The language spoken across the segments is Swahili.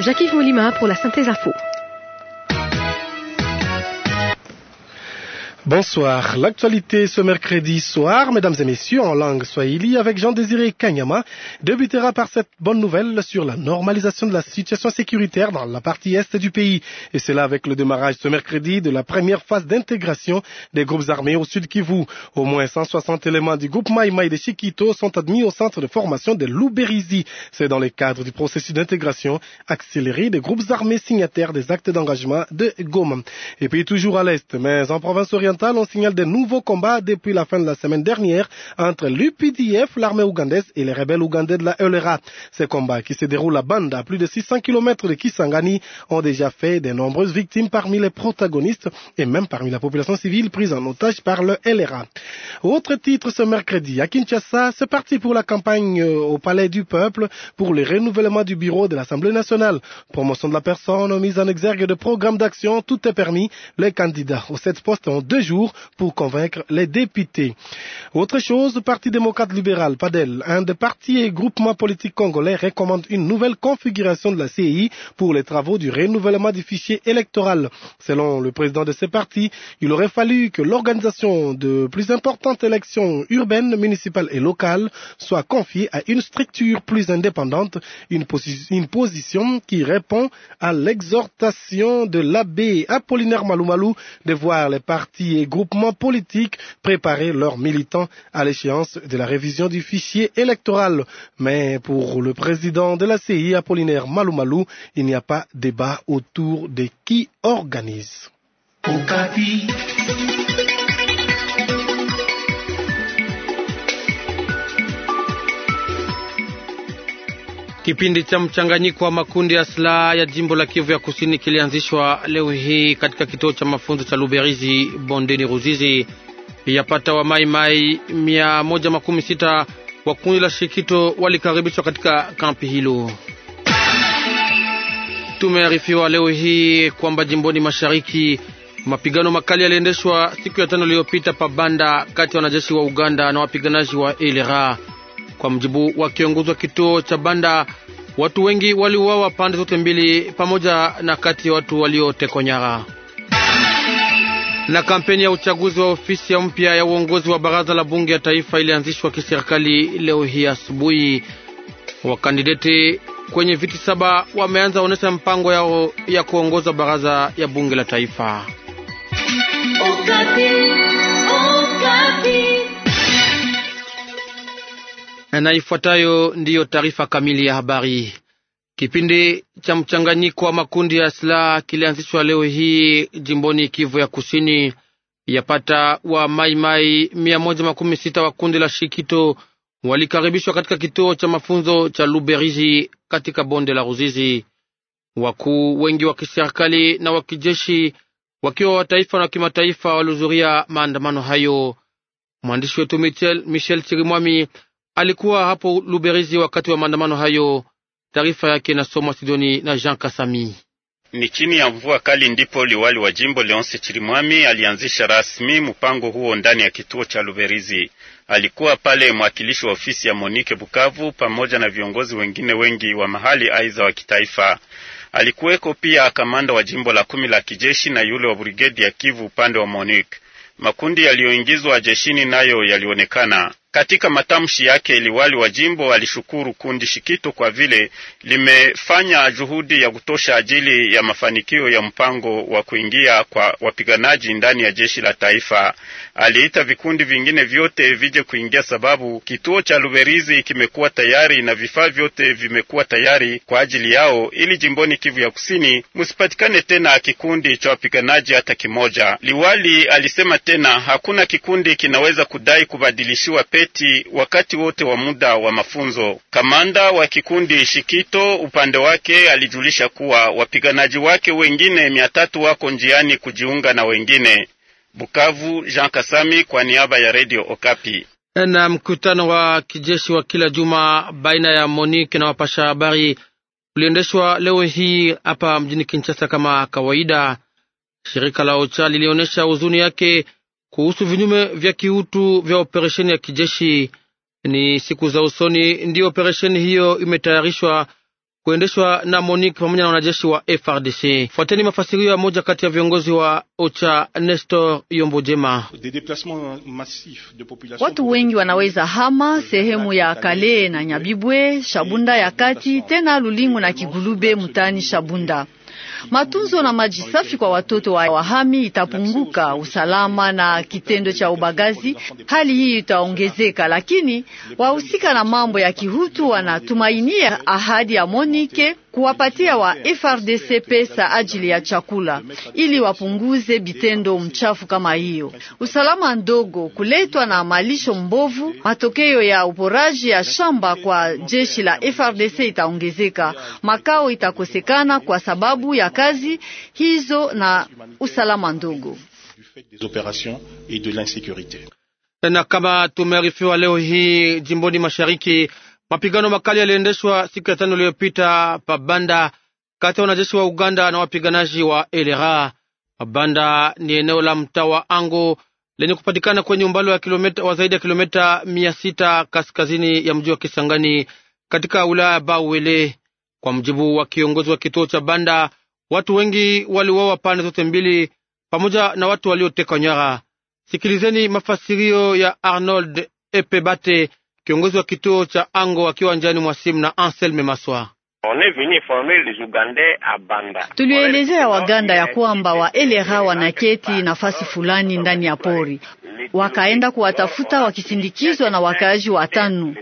jacques Molima pour la synthèse info. Bonsoir. L'actualité ce mercredi soir, mesdames et messieurs, en langue swahili avec Jean-Désiré Kanyama, débutera par cette bonne nouvelle sur la normalisation de la situation sécuritaire dans la partie est du pays. Et cela avec le démarrage ce mercredi de la première phase d'intégration des groupes armés au sud Kivu. Au moins 160 éléments du groupe et de Chiquito sont admis au centre de formation de Louberizi. C'est dans le cadre du processus d'intégration accéléré des groupes armés signataires des actes d'engagement de Goma. Et puis toujours à l'est, mais en province orientale, on signale de nouveaux combats depuis la fin de la semaine dernière entre l'UPDF, l'armée ougandaise et les rebelles ougandais de la ELRA. Ces combats qui se déroulent à Banda, à plus de 600 km de Kisangani, ont déjà fait de nombreuses victimes parmi les protagonistes et même parmi la population civile prise en otage par le LRA. Autre titre ce mercredi, à Kinshasa, c'est parti pour la campagne euh, au Palais du Peuple pour le renouvellement du bureau de l'Assemblée nationale. Promotion de la personne, mise en exergue de programmes d'action, tout est permis. Les candidats aux sept postes ont deux jours pour convaincre les députés. Autre chose, le Parti démocrate libéral, PADEL, un des partis et groupements politiques congolais, recommande une nouvelle configuration de la CI pour les travaux du renouvellement du fichier électoral. Selon le président de ce parti, il aurait fallu que l'organisation de plus importantes élections urbaines, municipales et locales soit confiée à une structure plus indépendante, une, position qui répond à l'exhortation de l'abbé Apollinaire Maloumalou de voir les partis et groupements politiques préparer leurs militants à l'échéance de la révision du fichier électoral. Mais pour le président de la CI, Apollinaire Malumalou, il n'y a pas débat autour de qui organise. Okapi. Kipindi cha mchanganyiko wa makundi ya silaha ya jimbo la Kivu ya Kusini kilianzishwa leo hii katika kituo cha mafunzo cha Luberizi bondeni Ruzizi. yapata wa maimai mia moja makumi sita wa kundi la Shikito walikaribishwa katika kampi hilo. Tumearifiwa leo hii kwamba jimboni mashariki mapigano makali yaliendeshwa siku ya tano iliyopita pabanda kati ya wanajeshi wa Uganda na wapiganaji wa Elera. Kwa mjibu wa kiongozi wa kituo cha Banda, watu wengi waliuawa pande zote mbili, pamoja na kati ya watu waliotekwa nyara. Na kampeni ya uchaguzi wa ofisi ya mpya ya uongozi wa baraza la bunge ya taifa ilianzishwa kiserikali leo hii asubuhi. Wakandideti kwenye viti saba wameanza onyesha mpango yao ya kuongoza baraza ya bunge la taifa. Ukati, Na ifuatayo ndiyo taarifa kamili ya habari. Kipindi cha mchanganyiko wa makundi ya silaha kilianzishwa leo hii jimboni Kivu ya Kusini. Yapata wa maimai mia moja makumi sita wa kundi la Shikito walikaribishwa katika kituo cha mafunzo cha Luberizi katika bonde la Ruzizi. Wakuu wengi wa kiserikali na wa kijeshi wakiwa wa taifa na wa kimataifa walihudhuria maandamano hayo. Mwandishi wetu Michel Chirimwami alikuwa hapo Luberizi wakati wa maandamano hayo. Taarifa yake inasomwa Sidoni na Jean Kasami. Ni chini ya mvua kali ndipo liwali wa jimbo Leonce Chirimwami alianzisha rasmi mpango huo ndani ya kituo cha Luberizi. Alikuwa pale mwakilishi wa ofisi ya Monike Bukavu pamoja na viongozi wengine wengi wa mahali aiza wa kitaifa. Alikuweko pia kamanda wa jimbo la kumi la kijeshi na yule wa brigedi ya Kivu upande wa Monike. Makundi yaliyoingizwa jeshini nayo yalionekana. Katika matamshi yake, liwali wa jimbo alishukuru kundi shikito kwa vile limefanya juhudi ya kutosha ajili ya mafanikio ya mpango wa kuingia kwa wapiganaji ndani ya jeshi la taifa. Aliita vikundi vingine vyote vije kuingia, sababu kituo cha Luberizi kimekuwa tayari na vifaa vyote vimekuwa tayari kwa ajili yao, ili jimboni Kivu ya Kusini musipatikane tena kikundi cha wapiganaji hata kimoja. Liwali alisema tena hakuna kikundi kinaweza kudai kubadilishiwa pe kuketi wakati wote wa muda wa mafunzo. Kamanda wa kikundi Shikito upande wake alijulisha kuwa wapiganaji wake wengine mia tatu wako njiani kujiunga na wengine. Bukavu, Jean Kasami kwa niaba ya Radio Okapi. Na mkutano wa kijeshi wa kila juma baina ya Monique na wapasha habari uliendeshwa leo hii hapa mjini Kinshasa kama kawaida. Shirika la OCHA lilionyesha huzuni yake kuhusu vinyume vya kiutu vya operesheni ya kijeshi. Ni siku za usoni ndio operesheni hiyo imetayarishwa kuendeshwa na Monique pamoja na wanajeshi wa FRDC. Fuateni mafasirio ya moja kati ya viongozi wa OCHA Nestor Yombojema. Watu wengi wanaweza hama sehemu ya Kale na Nyabibwe, Shabunda ya kati, tena Lulingu na Kigulube mtani Shabunda. Matunzo na maji safi kwa watoto wa wahami itapunguka usalama na kitendo cha ubagazi, hali hii itaongezeka, lakini wahusika na mambo ya kihutu wanatumainia ahadi ya Monike kuwapatia wa FRDC pesa ajili ya chakula ili wapunguze bitendo mchafu kama hiyo. Usalama ndogo kuletwa na malisho mbovu, matokeo ya uporaji ya shamba kwa jeshi la FRDC itaongezeka, makao itakosekana kwa sababu ya kazi hizo na usalama ndogo na kama tumearifiwa leo hii jimboni mashariki Mapigano makali yaliendeshwa siku ya tano iliyopita pabanda kati ya wanajeshi wa Uganda na wapiganaji wa elera Pabanda ni eneo la mtaa wa Ango lenye kupatikana kwenye umbali wa kilomita wa zaidi ya kilomita mia sita kaskazini ya mji wa Kisangani katika wilaya ya Kwa mjibu wa kiongozi wa kituo cha Banda, watu wengi waliuawa pande zote mbili pamoja na watu waliotekwa nyara. Sikilizeni mafasirio ya Arnold Epebate kiongozi wa kituo cha Ango akiwa njani mwa simu na Anselme Maswa. Tulielezea Waganda ya kwamba waelera wanaketi nafasi fulani ndani ya pori, wakaenda kuwatafuta wakisindikizwa na wakaaji watano,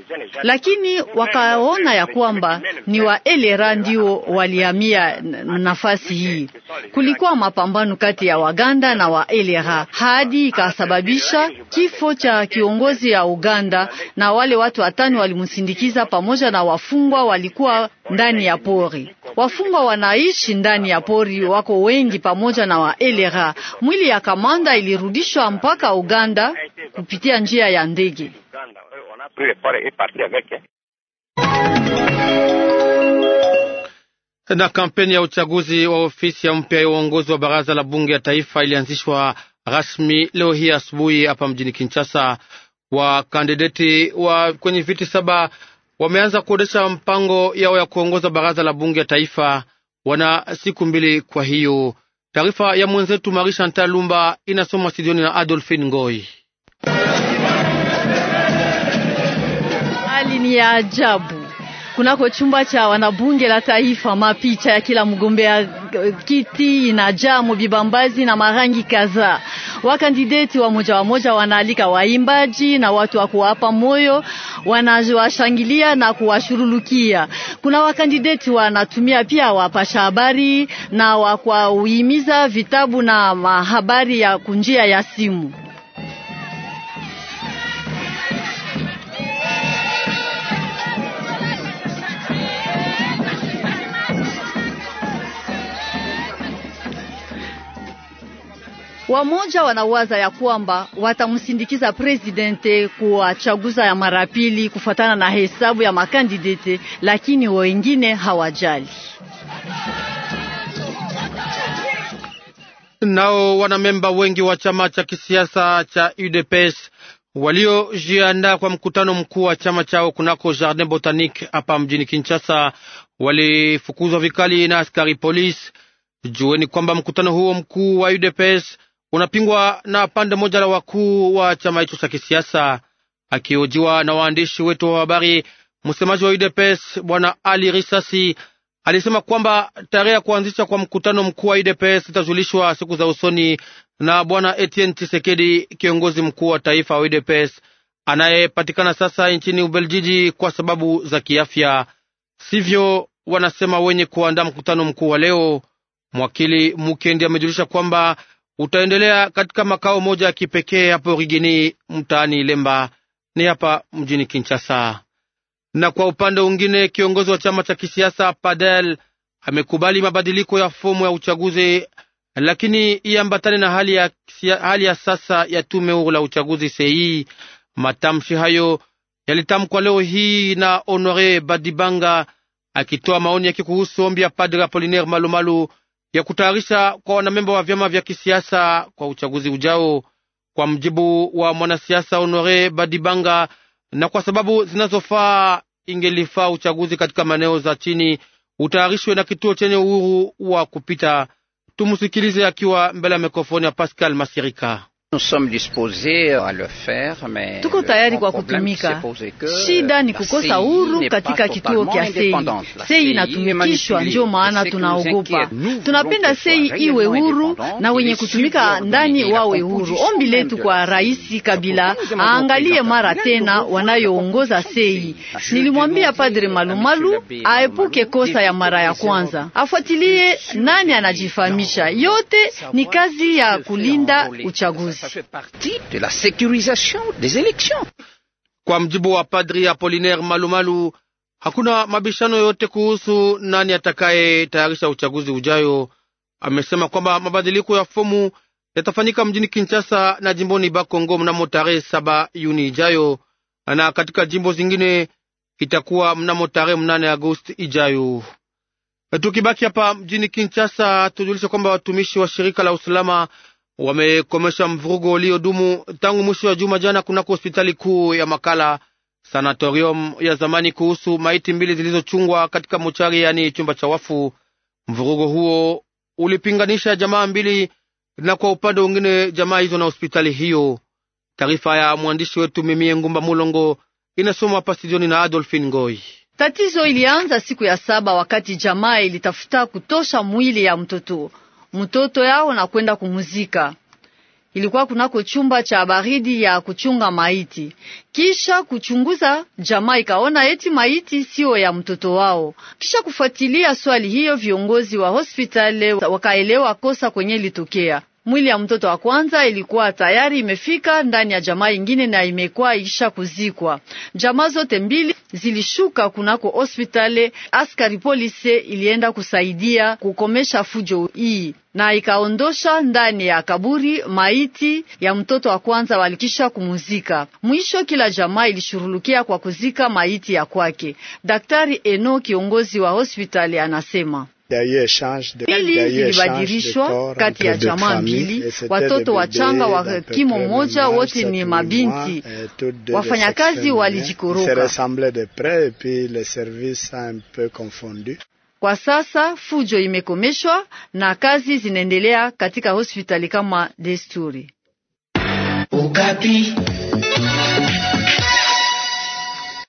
lakini wakaona ya kwamba ni waelera ndio walihamia nafasi hii. Kulikuwa mapambano kati ya Waganda na Waelera hadi ikasababisha kifo cha kiongozi ya Uganda, na wale watu watano walimsindikiza pamoja na wafungwa walikuwa ndani ya pori. Wafungwa wanaishi ndani ya pori wako wengi pamoja na Waelera. Mwili ya kamanda ilirudishwa mpaka Uganda kupitia njia ya ndege. Na kampeni ya uchaguzi wa ofisi ya mpya ya uongozi wa baraza la bunge ya taifa ilianzishwa rasmi leo hii asubuhi hapa mjini Kinshasa. Wakandideti wa kwenye viti saba wameanza kuonyesha mpango yao ya kuongoza baraza la bunge ya taifa. Wana siku mbili kwa hiyo. Taarifa ya mwenzetu Marie Chantal Lumba inasomwa studioni na Adolphine Ngoi. Hali ni ya ajabu kunako chumba cha wanabunge la taifa. Mapicha ya kila mgombea kiti inajaa mubibambazi na marangi kadhaa. Wakandideti wa moja wa moja wanaalika waimbaji na watu wa kuwapa moyo, wanawashangilia na kuwashurulukia. Kuna wakandideti wanatumia pia wapasha habari na wakuhimiza vitabu na mahabari ya kunjia ya simu. Wamoja wanawaza ya kwamba watamsindikiza presidente kuwachaguza ya mara pili kufuatana na hesabu ya makandidete, lakini wengine hawajali. Nao wanamemba wengi wa chama cha kisiasa cha UDPS waliojiandaa kwa mkutano mkuu wa chama chao kunako Jardin Botanique hapa mjini Kinshasa walifukuzwa vikali na askari polisi. Jueni kwamba mkutano huo mkuu wa UDPS unapingwa na pande moja la wakuu wa chama hicho cha kisiasa. Akihojiwa na waandishi wetu wa habari, msemaji wa UDPS bwana Ali Risasi alisema kwamba tarehe ya kuanzisha kwa mkutano mkuu wa UDPS itajulishwa siku za usoni na bwana Etienne Tshisekedi, kiongozi mkuu wa taifa wa UDPS anayepatikana sasa nchini Ubeljiji kwa sababu za kiafya, sivyo wanasema wenye kuandaa mkutano mkuu wa leo. Mwakili Mukendi amejulisha kwamba utaendelea katika makao moja ya kipekee hapo Rigini mtaani Lemba ni hapa mjini Kinshasa. Na kwa upande mwingine, kiongozi wa chama cha kisiasa Padel amekubali mabadiliko ya fomu ya uchaguzi, lakini iambatane na hali ya, hali ya sasa ya tume huru la uchaguzi sei. Matamshi hayo yalitamkwa leo hii na Honore Badibanga akitoa maoni yake kuhusu ombi ya Padre Apolinaire Malumalu ya kutayarisha kwa wanamemba wa vyama vya kisiasa kwa uchaguzi ujao, kwa mjibu wa mwanasiasa Honore Badibanga, na kwa sababu zinazofaa ingelifaa uchaguzi katika maeneo za chini utayarishwe na kituo chenye uhuru wa kupita. Tumusikilize akiwa mbele ya mikrofoni ya Pascal Masirika. Tuko tayari kwa kutumika. Shida ni kukosa huru katika kituo kya sei. Sei inatumikishwa, ndio maana tunaogopa. Tunapenda sei iwe huru na wenye kutumika ndani wawe huru. Ombi letu kwa Rais Kabila aangalie mara tena wanayoongoza sei. Nilimwambia Padre Malumalu aepuke kosa ya mara ya kwanza, afuatilie nani anajifahamisha. Yote ni kazi ya kulinda uchaguzi ça fait partie de la sécurisation des élections. Kwa mjibu wa Padri apolinaire Malumalu, hakuna mabishano yote kuhusu nani atakaye tayarisha uchaguzi ujayo. Amesema kwamba mabadiliko ya fomu yatafanyika mjini Kinshasa na jimboni Bakongo mnamo tarehe saba Juni ijayo, na katika jimbo zingine itakuwa mnamo tarehe mnane Agosti ijayo. Tukibaki hapa mjini Kinshasa, tujulishe kwamba watumishi wa shirika la usalama wamekomesha mvurugo uliodumu tangu mwisho wa juma jana kunako hospitali kuu ya Makala, sanatorium ya zamani, kuhusu maiti mbili zilizochungwa katika mochari, yani chumba cha wafu. Mvurugo huo ulipinganisha jamaa mbili na kwa upande mwingine jamaa hizo na hospitali hiyo. Taarifa ya mwandishi wetu Mimie Ngumba Mulongo inasoma pasidioni na Adolfin Ngoi. Tatizo ilianza siku ya saba wakati jamaa ilitafuta kutosha mwili ya mtoto mtoto yao na kwenda kumuzika. Ilikuwa kunako chumba cha baridi ya kuchunga maiti. Kisha kuchunguza, jamaa ikaona eti maiti sio ya mtoto wao. Kisha kufuatilia swali hiyo, viongozi wa hospitali wakaelewa kosa kwenye litokea. Mwili ya mtoto wa kwanza ilikuwa tayari imefika ndani ya jamaa ingine na imekuwa isha kuzikwa. Jamaa zote mbili zilishuka kunako hospitali. Askari polisi ilienda kusaidia kukomesha fujo hii na ikaondosha ndani ya kaburi maiti ya mtoto wa kwanza walikisha kumuzika. Mwisho kila jamaa ilishurulukia kwa kuzika maiti ya kwake. Daktari Eno, kiongozi wa hospitali, anasema Hili lilibadilishwa kati ya jamaa mbili, watoto wachanga wa kimo moja, wote ni mabinti. Euh, Wafanyakazi walijikoroka. Kwa sasa fujo imekomeshwa na kazi zinaendelea katika hospitali kama desturi. Ukapi.